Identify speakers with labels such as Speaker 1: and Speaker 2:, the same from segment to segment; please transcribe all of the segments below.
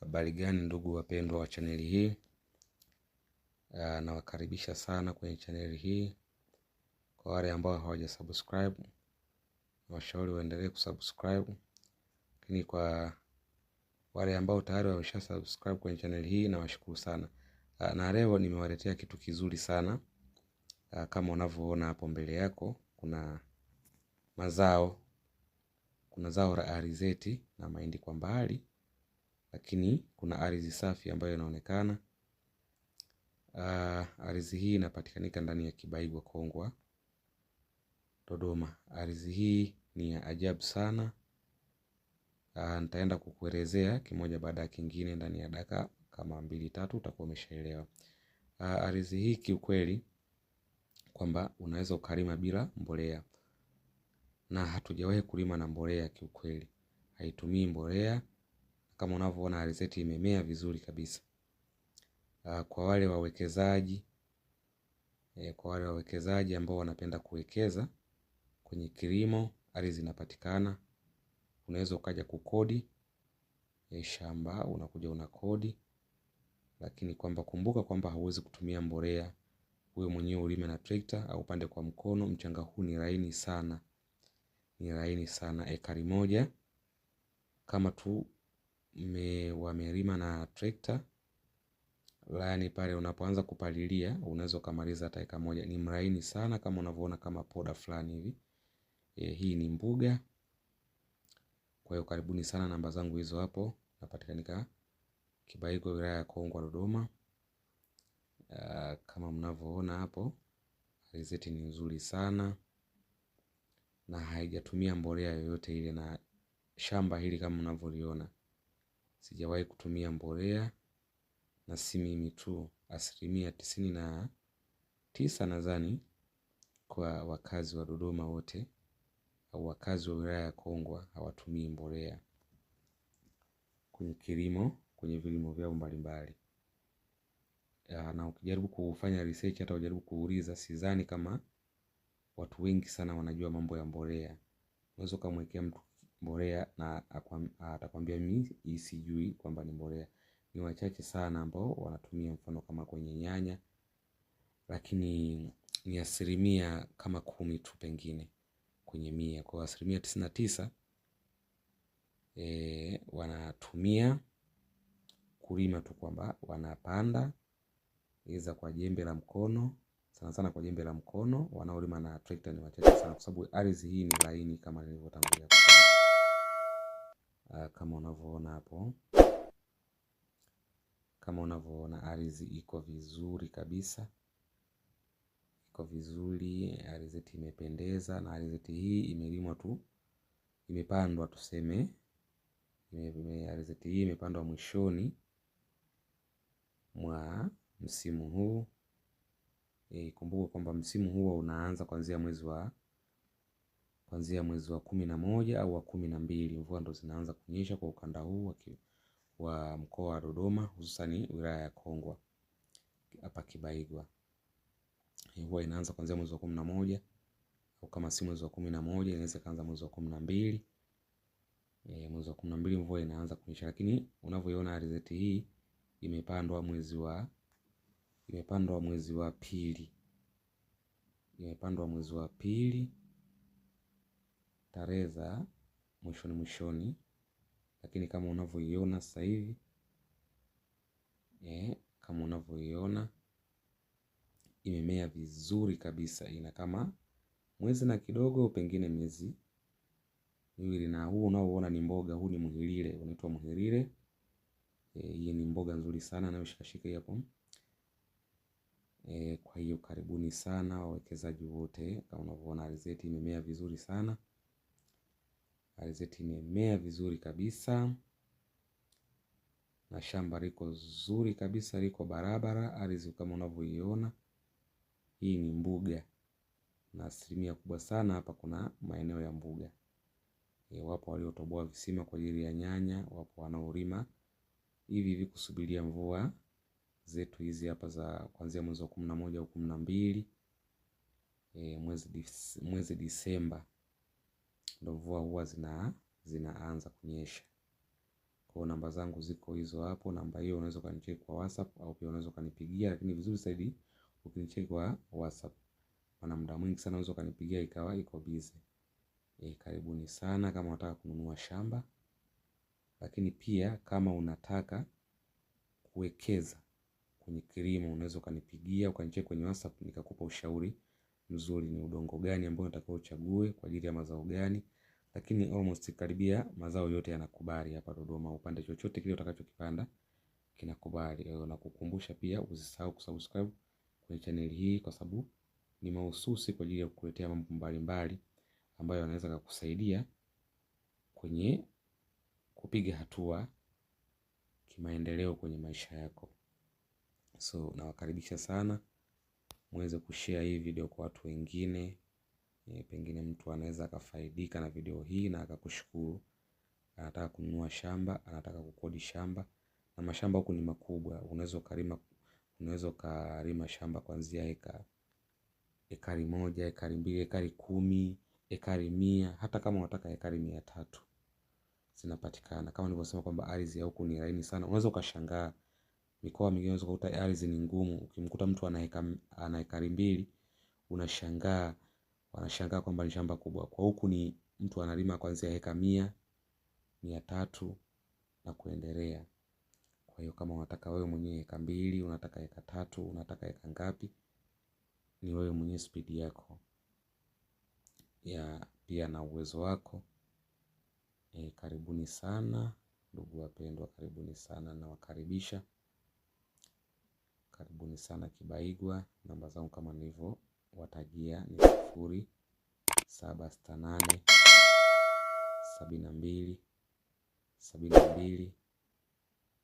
Speaker 1: Habari gani ndugu wapendwa wa chaneli hii, ah, nawakaribisha sana kwenye chaneli hii. Kwa wale ambao hawaja subscribe, nawashauri waendelee kusubscribe, lakini kwa wale ambao tayari wamesha subscribe kwenye chaneli hii nawashukuru sana. Ah, na leo nimewaletea kitu kizuri sana ah, kama unavyoona hapo mbele yako, kuna mazao, kuna zao la alizeti na mahindi kwa mbali lakini kuna ardhi safi ambayo inaonekana. Ah, ardhi hii inapatikanika ndani ya Kibaigwa Kongwa, Dodoma. Ardhi hii ni ya ajabu sana. Uh, nitaenda kukuelezea kimoja baada ya kingine ndani ya dakika kama mbili tatu, utakuwa umeshaelewa ah, ardhi hii kiukweli, kwamba unaweza ukalima bila mbolea, na hatujawahi kulima na mbolea kiukweli, haitumii mbolea kama unavyoona alizeti imemea vizuri kabisa. Ah, kwa wale wawekezaji eh, kwa wale wawekezaji ambao wanapenda kuwekeza kwenye kilimo, ardhi zinapatikana. Unaweza ukaja kukodi e, shamba unakuja unakodi, lakini kwamba kumbuka kwamba hauwezi kutumia mbolea, wewe mwenyewe ulime na trekta au upande kwa mkono. Mchanga huu ni laini sana, ni laini sana. Ekari moja kama tu me, wamelima na trekta, yaani pale unapoanza kupalilia unaweza ukamaliza hata eka moja. Ni mraini sana kama unavyoona kama poda fulani hivi. E, hii ni mbuga. Kwa hiyo karibuni sana, namba zangu hizo hapo, napatikanika Kibaigo, wilaya ya Kongwa, Dodoma. Uh, kama mnavyoona hapo alizeti ni nzuri sana na haijatumia mbolea yoyote ile, na shamba hili kama mnavyoliona sijawahi kutumia mbolea, na si mimi tu, asilimia tisini na tisa nadhani kwa wakazi wa Dodoma wote au wakazi wa wilaya ya Kongwa hawatumii mbolea kwenye kilimo, kwenye vilimo vyao mbalimbali. Ah, na ukijaribu kufanya research, hata ujaribu kuuliza, sidhani kama watu wengi sana wanajua mambo ya mbolea. Unaweza ukamwekea mtu mbolea na atakwambia mimi hii sijui kwamba ni mbolea. Ni wachache sana ambao wanatumia mfano kama kwenye nyanya, lakini ni asilimia kama kumi tu pengine kwenye mia. Kwa asilimia tisini na tisa e, wanatumia kulima tu kwamba wanapanda iza kwa jembe la mkono sana sana kwa jembe la mkono. Wanaolima na trekta ni wachache sana, kwa sababu ardhi hii ni laini kama nilivyotangulia. Ah, kama unavyoona hapo, kama unavyoona ardhi iko vizuri kabisa, iko vizuri, ardhi imependeza, na ardhi hii imelimwa tu, imepandwa tuseme, ardhi hii imepandwa mwishoni mwa msimu huu. E, kumbuka kwamba msimu huo unaanza kuanzia mwezi wa kuanzia mwezi wa kumi na moja au wa kumi na mbili mvua ndo zinaanza kunyesha kwa ukanda huu wa, wa mkoa wa Dodoma hususani wilaya ya Kongwa hapa Kibaigwa. Mvua inaanza kuanzia mwezi wa kumi na moja au kama si mwezi wa kumi na moja inaweza kuanza mwezi wa kumi na mbili e, mwezi wa kumi na mbili mvua inaanza kunyesha, lakini unavyoiona alizeti hii imepandwa mwezi wa imepandwa mwezi wa pili imepandwa mwezi wa pili tarehe za mwishoni mwishoni, lakini kama unavyoiona sasa hivi eh, kama unavyoiona imemea vizuri kabisa, ina kama mwezi na kidogo, pengine miezi miwili. Na huu unaoona ni mboga, huu ni mhirire, unaitwa muhilile. Eh, hii e, ni mboga nzuri sana inayoshikashika hapo. E, kwa hiyo karibuni sana wawekezaji wote, kama unavyoona alizeti imemea vizuri sana alizeti imemea vizuri kabisa na shamba liko zuri kabisa, liko barabara ardhi kama unavyoiona. Hii ni mbuga, na asilimia kubwa sana hapa kuna maeneo ya mbuga. E, wapo waliotoboa visima kwa ajili ya nyanya, wapo wanaolima hivi hivi kusubiria mvua zetu hizi hapa za kuanzia mwezi wa kumi na moja au kumi na mbili e, mwezi Disemba ndo mvua huwa zina, zinaanza kunyesha. Kwa namba zangu ziko hizo hapo. Namba hiyo unaweza ukanicheki kwa WhatsApp au pia unaweza ukanipigia, lakini vizuri zaidi ukinicheki kwa WhatsApp, maana muda mwingi sana unaweza ukanipigia ikawa iko busy. E, karibuni sana kama unataka kununua shamba, lakini pia kama unataka kuwekeza kwenye kilimo unaweza ukanipigia ukanicheki kwenye WhatsApp nikakupa ushauri mzuri, ni udongo gani ambao unatakiwa uchague kwa ajili ya mazao gani. Lakini almost karibia mazao yote yanakubali hapa Dodoma, upande chochote kile utakachokipanda kinakubali. Kwa hiyo nakukumbusha pia usisahau kusubscribe kwenye chaneli hii, kwa sababu ni mahususi kwa ajili ya kukuletea mambo mbalimbali ambayo yanaweza kukusaidia kwenye kupiga hatua kimaendeleo kwenye maisha yako. So nawakaribisha sana muweze kushare hii video kwa watu wengine e, pengine mtu anaweza akafaidika na video hii na akakushukuru. Anataka kununua shamba, anataka kukodi shamba, na mashamba huku ni makubwa. Unaweza ukalima unaweza ukalima shamba kuanzia eka ekari moja, ekari mbili, ekari kumi, ekari mia, hata kama unataka ekari mia tatu zinapatikana. Kama nilivyosema kwamba ardhi ya huku ni laini sana, unaweza ukashangaa. Mikoa mingine unaweza kukuta ardhi ni ngumu, ukimkuta mtu ana ekari mbili unashangaa, wanashangaa kwamba ni shamba kubwa. Kwa huku ni mtu analima kuanzia heka mia, mia tatu na kuendelea. Kwa hiyo kama unataka wewe mwenyewe heka mbili, unataka heka tatu, unataka eka ngapi, ni wewe mwenyewe spidi yako ya pia na uwezo wako. Eh, karibuni sana ndugu wapendwa, karibuni sana nawakaribisha. Karibuni sana Kibaigwa. Namba zangu kama nilivyo watajia ni sifuri saba sita nane sabini na mbili sabini na mbili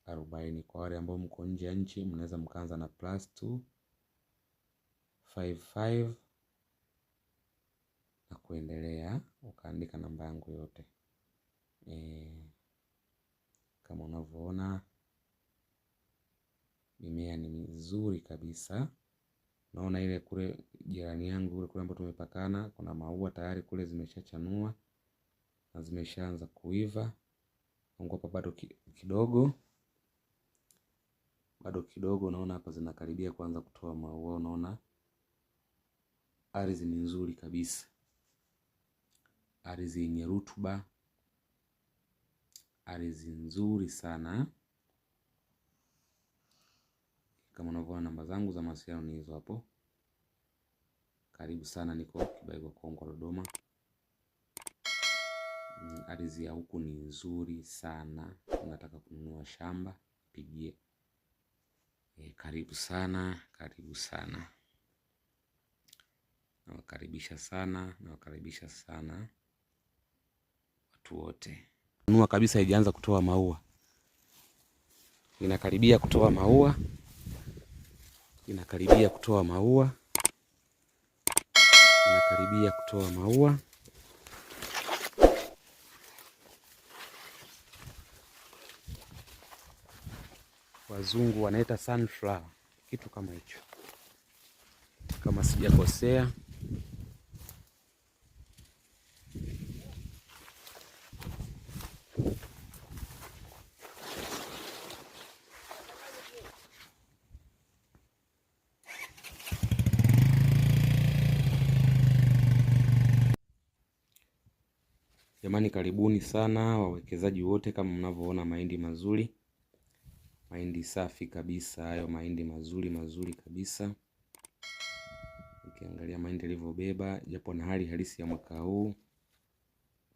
Speaker 1: arobaini. Kwa wale ambao mko nje ya nchi, mnaweza mkaanza na plus 255 55 na kuendelea, ukaandika namba yangu yote e, kama unavyoona mimea ni mizuri kabisa. Naona ile kule jirani yangu kule kule ambapo tumepakana kuna maua tayari kule zimeshachanua na zimeshaanza kuiva. Mungu hapa bado kidogo. Bado kidogo unaona hapa zinakaribia kuanza kutoa maua, unaona ardhi ni nzuri kabisa. Ardhi yenye rutuba. Ardhi nzuri sana. Kama unavyoona namba zangu za mawasiliano ni hizo hapo. Karibu sana, niko Kibaigwa Kongwa, Dodoma. Mm, ardhi ya huku ni nzuri sana. Unataka kununua shamba, pigie. E, karibu sana, karibu sana, nawakaribisha sana, nawakaribisha sana watu wote. Nua kabisa, haijaanza kutoa maua, inakaribia kutoa maua inakaribia kutoa maua, inakaribia kutoa maua. Wazungu wanaita sunflower, kitu kama hicho, kama sijakosea. Jamani, karibuni sana wawekezaji wote, kama mnavyoona mahindi mazuri, mahindi safi kabisa, hayo mahindi mazuri mazuri kabisa. Ukiangalia mahindi yalivyobeba, japo na hali halisi ya mwaka huu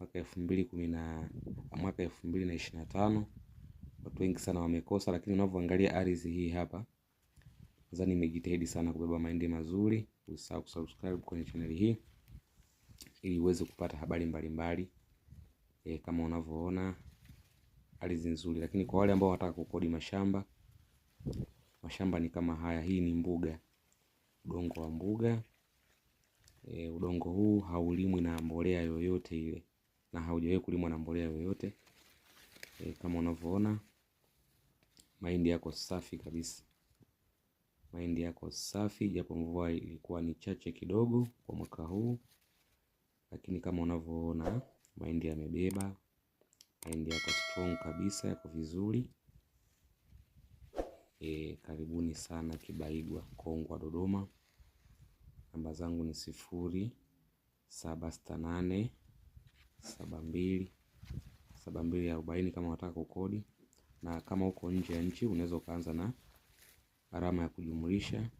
Speaker 1: mwaka elfu mbili kumi na mwaka elfu mbili na ishirini na tano watu wengi sana wamekosa, lakini unavyoangalia ardhi hii hapa, nadhani imejitahidi sana kubeba mahindi mazuri. Usisahau kusubscribe kwenye chaneli hii ili uweze kupata habari mbalimbali mbali e, kama unavyoona ardhi nzuri, lakini kwa wale ambao wanataka kukodi mashamba, mashamba ni kama haya. Hii ni mbuga, udongo wa mbuga e, udongo huu haulimwi na mbolea yoyote ile na haujawahi kulimwa na mbolea yoyote e, kama unavyoona mahindi yako safi kabisa, mahindi yako safi, japo mvua ilikuwa ni chache kidogo kwa mwaka huu, lakini kama unavyoona Mahindi yamebeba, mahindi yako strong kabisa, yako vizuri. E, karibuni sana Kibaigwa Kongwa, Dodoma. Namba zangu ni sifuri saba sita nane saba mbili saba mbili arobaini kama unataka kukodi, na kama uko nje ya nchi unaweza ukaanza na alama ya kujumulisha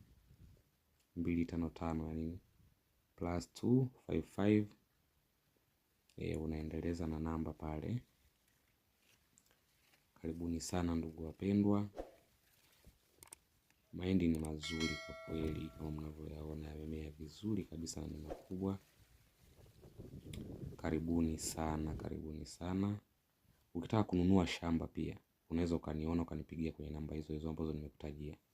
Speaker 1: mbili tano tano, yani plus 255 e, unaendeleza na namba pale. Karibuni sana ndugu wapendwa, mahindi ni mazuri kwa kweli, kama mnavyoyaona yamemea vizuri kabisa na ni makubwa. Karibuni sana, karibuni sana. Ukitaka kununua shamba pia unaweza ukaniona ukanipigia kwenye namba hizo hizo ambazo nimekutajia.